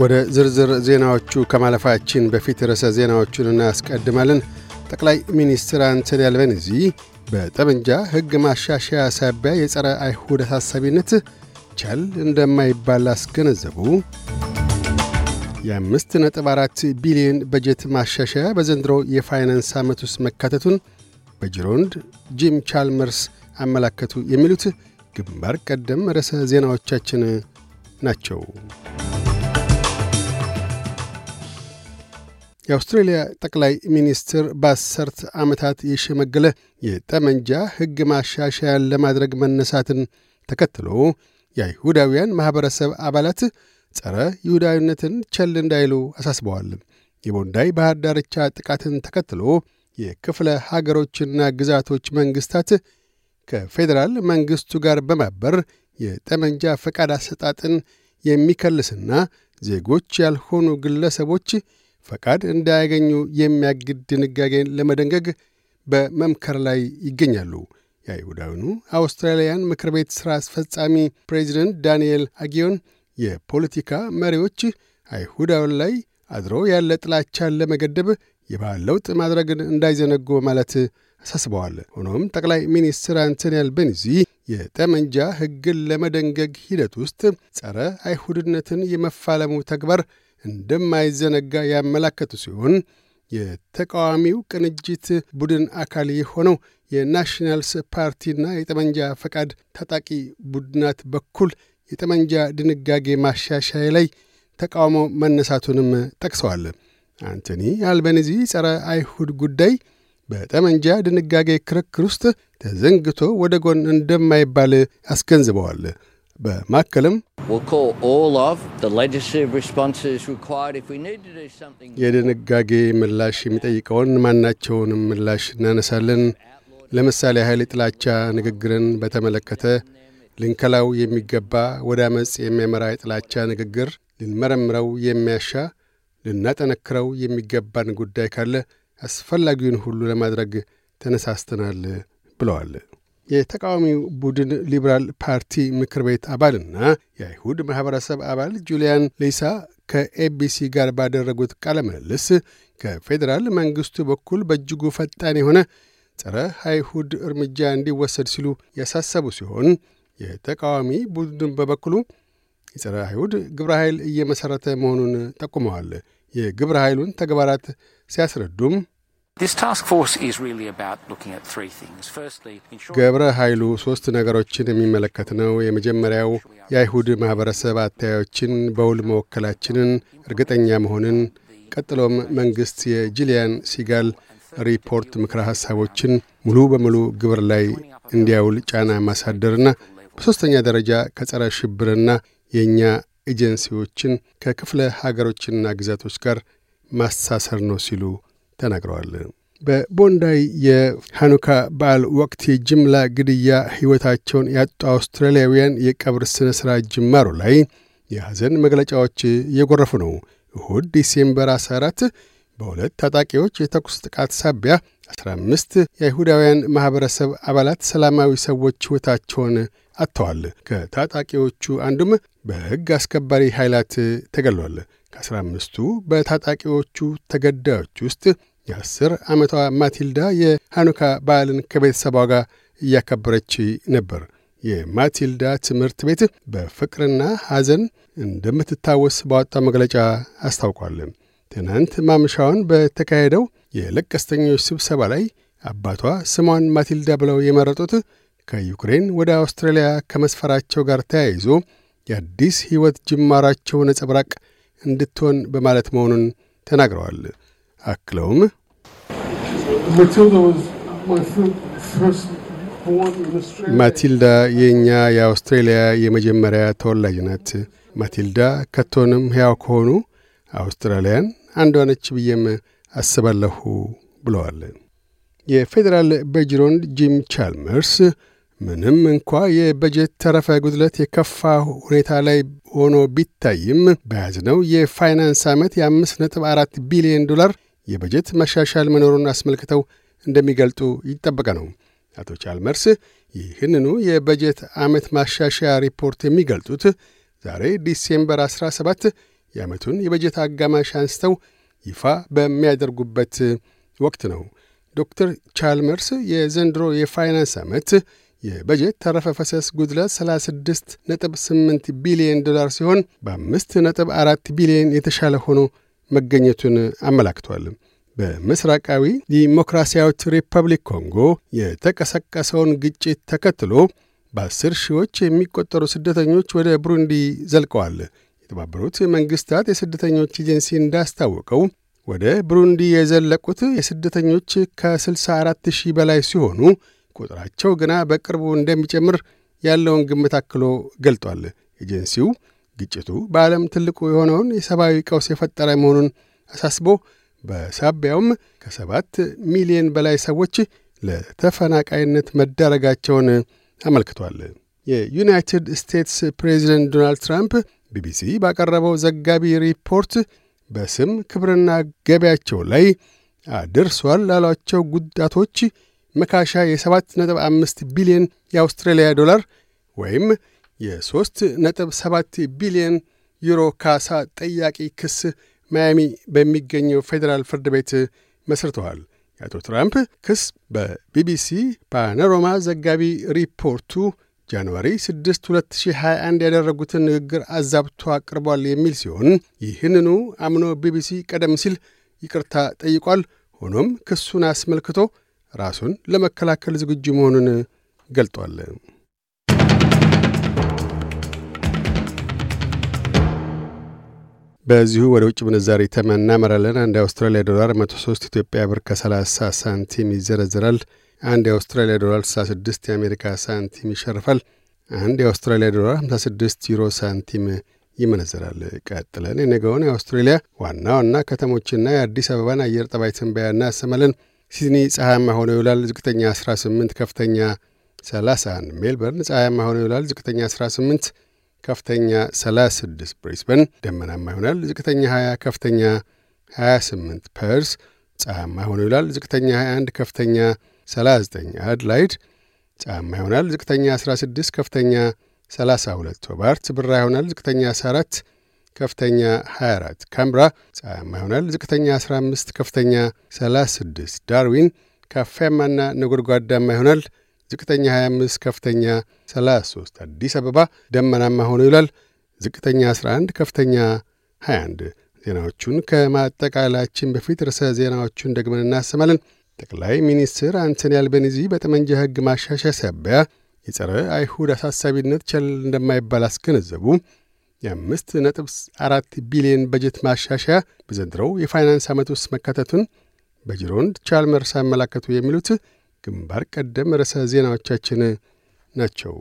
ወደ ዝርዝር ዜናዎቹ ከማለፋችን በፊት ርዕሰ ዜናዎቹን እናስቀድማለን። ጠቅላይ ሚኒስትር አንቶኒ አልበኒዚ በጠመንጃ ሕግ ማሻሻያ ሳቢያ የጸረ አይሁድ አሳሳቢነት ቻል እንደማይባል አስገነዘቡ። የአምስት ነጥብ አራት ቢሊዮን በጀት ማሻሻያ በዘንድሮ የፋይናንስ ዓመት ውስጥ መካተቱን በጅሮንድ ጂም ቻልመርስ አመላከቱ። የሚሉት ግንባር ቀደም ርዕሰ ዜናዎቻችን ናቸው። የአውስትሬልያ ጠቅላይ ሚኒስትር በአስርት ዓመታት የሸመገለ የጠመንጃ ሕግ ማሻሻያን ለማድረግ መነሳትን ተከትሎ የአይሁዳውያን ማኅበረሰብ አባላት ጸረ ይሁዳዊነትን ቸል እንዳይሉ አሳስበዋል። የቦንዳይ ባህር ዳርቻ ጥቃትን ተከትሎ የክፍለ ሀገሮችና ግዛቶች መንግሥታት ከፌዴራል መንግሥቱ ጋር በማበር የጠመንጃ ፈቃድ አሰጣጥን የሚከልስና ዜጎች ያልሆኑ ግለሰቦች ፈቃድ እንዳያገኙ የሚያግድ ድንጋጌን ለመደንገግ በመምከር ላይ ይገኛሉ። የአይሁዳውያኑ አውስትራሊያን ምክር ቤት ሥራ አስፈጻሚ ፕሬዚደንት ዳንኤል አጊዮን የፖለቲካ መሪዎች አይሁዳውን ላይ አድሮ ያለ ጥላቻን ለመገደብ የባህል ለውጥ ማድረግን እንዳይዘነጉ በማለት አሳስበዋል። ሆኖም ጠቅላይ ሚኒስትር አንቶኒ በኒዚ የጠመንጃ ሕግን ለመደንገግ ሂደት ውስጥ ጸረ አይሁድነትን የመፋለሙ ተግባር እንደማይዘነጋ ያመላከቱ ሲሆን የተቃዋሚው ቅንጅት ቡድን አካል የሆነው የናሽናልስ ፓርቲና የጠመንጃ ፈቃድ ታጣቂ ቡድናት በኩል የጠመንጃ ድንጋጌ ማሻሻያ ላይ ተቃውሞ መነሳቱንም ጠቅሰዋል። አንቶኒ አልበኒዚ ጸረ አይሁድ ጉዳይ በጠመንጃ ድንጋጌ ክርክር ውስጥ ተዘንግቶ ወደ ጎን እንደማይባል አስገንዝበዋል። በማከልም የድንጋጌ ምላሽ የሚጠይቀውን ማናቸውንም ምላሽ እናነሳለን። ለምሳሌ ያህል የጥላቻ ንግግርን በተመለከተ ልንከላው የሚገባ ወደ አመፅ የሚያመራ የጥላቻ ንግግር ልንመረምረው የሚያሻ ልናጠነክረው የሚገባን ጉዳይ ካለ አስፈላጊውን ሁሉ ለማድረግ ተነሳስተናል ብለዋል። የተቃዋሚ ቡድን ሊበራል ፓርቲ ምክር ቤት አባልና የአይሁድ ማኅበረሰብ አባል ጁልያን ሌሳ ከኤቢሲ ጋር ባደረጉት ቃለ ምልልስ ከፌዴራል መንግሥቱ በኩል በእጅጉ ፈጣን የሆነ ጸረ አይሁድ እርምጃ እንዲወሰድ ሲሉ ያሳሰቡ ሲሆን የተቃዋሚ ቡድን በበኩሉ የጸረ አይሁድ ግብረ ኃይል እየመሠረተ መሆኑን ጠቁመዋል። የግብረ ኃይሉን ተግባራት ሲያስረዱም ገብረ ኃይሉ ሦስት ነገሮችን የሚመለከት ነው። የመጀመሪያው የአይሁድ ማኅበረሰብ አታዮችን በውል መወከላችንን እርግጠኛ መሆንን፣ ቀጥሎም መንግሥት የጂሊያን ሲጋል ሪፖርት ምክረ ሐሳቦችን ሙሉ በሙሉ ግብር ላይ እንዲያውል ጫና ማሳደርና በሦስተኛ ደረጃ ከጸረ ሽብርና የእኛ ኤጀንሲዎችን ከክፍለ ሀገሮችና ግዛቶች ጋር ማስተሳሰር ነው ሲሉ ተናግረዋል። በቦንዳይ የሃኑካ በዓል ወቅት የጅምላ ግድያ ሕይወታቸውን ያጡ አውስትራሊያውያን የቀብር ሥነ ሥራ ጅማሩ ላይ የሐዘን መግለጫዎች እየጎረፉ ነው። እሁድ ዲሴምበር 14 በሁለት ታጣቂዎች የተኩስ ጥቃት ሳቢያ 15 የአይሁዳውያን ማኅበረሰብ አባላት ሰላማዊ ሰዎች ሕይወታቸውን አጥተዋል። ከታጣቂዎቹ አንዱም በሕግ አስከባሪ ኃይላት ተገሏል። ከ15ቱ በታጣቂዎቹ ተገዳዮች ውስጥ የአስር ዓመቷ ማቲልዳ የሃኑካ በዓልን ከቤተሰቧ ጋር እያከበረች ነበር። የማቲልዳ ትምህርት ቤት በፍቅርና ሐዘን እንደምትታወስ ባወጣው መግለጫ አስታውቋል። ትናንት ማምሻውን በተካሄደው የለቀስተኞች ስብሰባ ላይ አባቷ ስሟን ማቲልዳ ብለው የመረጡት ከዩክሬን ወደ አውስትራሊያ ከመስፈራቸው ጋር ተያይዞ የአዲስ ሕይወት ጅማራቸው ነጸብራቅ እንድትሆን በማለት መሆኑን ተናግረዋል። አክለውም ማቲልዳ የእኛ የአውስትሬልያ የመጀመሪያ ተወላጅ ናት። ማቲልዳ ከቶንም ሕያው ከሆኑ አውስትራሊያን አንዷ ነች ብዬም አስባለሁ ብለዋል። የፌዴራል በጅሮንድ ጂም ቻልመርስ ምንም እንኳ የበጀት ተረፈ ጉድለት የከፋ ሁኔታ ላይ ሆኖ ቢታይም በያዝነው የፋይናንስ ዓመት የ5.4 ቢሊዮን ዶላር የበጀት መሻሻል መኖሩን አስመልክተው እንደሚገልጡ ይጠበቀ ነው። አቶ ቻልመርስ ይህንኑ የበጀት ዓመት ማሻሻያ ሪፖርት የሚገልጡት ዛሬ ዲሴምበር 17 የዓመቱን የበጀት አጋማሽ አንስተው ይፋ በሚያደርጉበት ወቅት ነው። ዶክተር ቻልመርስ የዘንድሮ የፋይናንስ ዓመት የበጀት ተረፈ ፈሰስ ጉድለት 36.8 ቢሊዮን ዶላር ሲሆን በ5.4 ቢሊዮን የተሻለ ሆኖ መገኘቱን አመላክቷል። በምስራቃዊ ዲሞክራሲያዊት ሪፐብሊክ ኮንጎ የተቀሰቀሰውን ግጭት ተከትሎ በአስር ሺዎች የሚቆጠሩ ስደተኞች ወደ ብሩንዲ ዘልቀዋል። የተባበሩት መንግሥታት የስደተኞች ኤጀንሲ እንዳስታወቀው ወደ ብሩንዲ የዘለቁት የስደተኞች ከ64 ሺህ በላይ ሲሆኑ ቁጥራቸው ግና በቅርቡ እንደሚጨምር ያለውን ግምት አክሎ ገልጧል። ኤጀንሲው ግጭቱ በዓለም ትልቁ የሆነውን የሰብአዊ ቀውስ የፈጠረ መሆኑን አሳስቦ በሳቢያውም ከሰባት ሚሊዮን በላይ ሰዎች ለተፈናቃይነት መዳረጋቸውን አመልክቷል። የዩናይትድ ስቴትስ ፕሬዚደንት ዶናልድ ትራምፕ ቢቢሲ ባቀረበው ዘጋቢ ሪፖርት በስም ክብርና ገቢያቸው ላይ አድርሷል ላሏቸው ጉዳቶች መካሻ የ7.5 ቢሊዮን የአውስትራሊያ ዶላር ወይም የ3.7 ቢሊዮን ዩሮ ካሳ ጠያቂ ክስ ማያሚ በሚገኘው ፌዴራል ፍርድ ቤት መስርተዋል። የአቶ ትራምፕ ክስ በቢቢሲ ፓኖራማ ዘጋቢ ሪፖርቱ ጃንዋሪ 6 2021 ያደረጉትን ንግግር አዛብቶ አቅርቧል የሚል ሲሆን ይህንኑ አምኖ ቢቢሲ ቀደም ሲል ይቅርታ ጠይቋል። ሆኖም ክሱን አስመልክቶ ራሱን ለመከላከል ዝግጁ መሆኑን ገልጧል። በዚሁ ወደ ውጭ ምንዛሪ ተመን እናመራለን። አንድ የአውስትራሊያ ዶላር 103 ኢትዮጵያ ብር ከ30 ሳንቲም ይዘረዝራል። አንድ የአውስትራሊያ ዶላር 66 የአሜሪካ ሳንቲም ይሸርፋል። አንድ የአውስትራሊያ ዶላር 56 ዩሮ ሳንቲም ይመነዘራል። ቀጥለን የነገውን የአውስትሬሊያ ዋና ዋና ከተሞችና የአዲስ አበባን አየር ጠባይ ትንበያ እናሰማለን። ሲድኒ ፀሐያማ ሆኖ ይውላል። ዝቅተኛ 18፣ ከፍተኛ 31። ሜልበርን ፀሐያማ ሆኖ ይውላል። ዝቅተኛ 18 ከፍተኛ 36 ብሬስበን፣ ደመናማ ይሆናል። ዝቅተኛ 20፣ ከፍተኛ 28 ፐርስ፣ ፀሐያማ ሆኖ ይላል። ዝቅተኛ 21፣ ከፍተኛ 39 አድላይድ፣ ፀሐያማ ይሆናል። ዝቅተኛ 16፣ ከፍተኛ 32 ሆባርት፣ ብራ ይሆናል። ዝቅተኛ 14፣ ከፍተኛ 24 ካምብራ፣ ፀሐያማ ይሆናል። ዝቅተኛ 15፣ ከፍተኛ 36 ዳርዊን፣ ካፋያማና ነጎድጓዳማ ይሆናል። ዝቅተኛ 25፣ ከፍተኛ 33። አዲስ አበባ ደመናማ ሆኖ ይውላል። ዝቅተኛ 11፣ ከፍተኛ 21። ዜናዎቹን ከማጠቃላችን በፊት ርዕሰ ዜናዎቹን ደግመን እናሰማለን። ጠቅላይ ሚኒስትር አንቶኒ አልቤኒዚ በጠመንጃ ሕግ ማሻሻያ ሳቢያ የጸረ አይሁድ አሳሳቢነት ቸል እንደማይባል አስገነዘቡ። የአምስት ነጥብ አራት ቢሊዮን በጀት ማሻሻያ በዘንድረው የፋይናንስ ዓመት ውስጥ መካተቱን በጅሮንድ ቻልመርስ አመላከቱ። የሚሉት ግንባር ቀደም ርዕሰ ዜናዎቻችን ናቸው።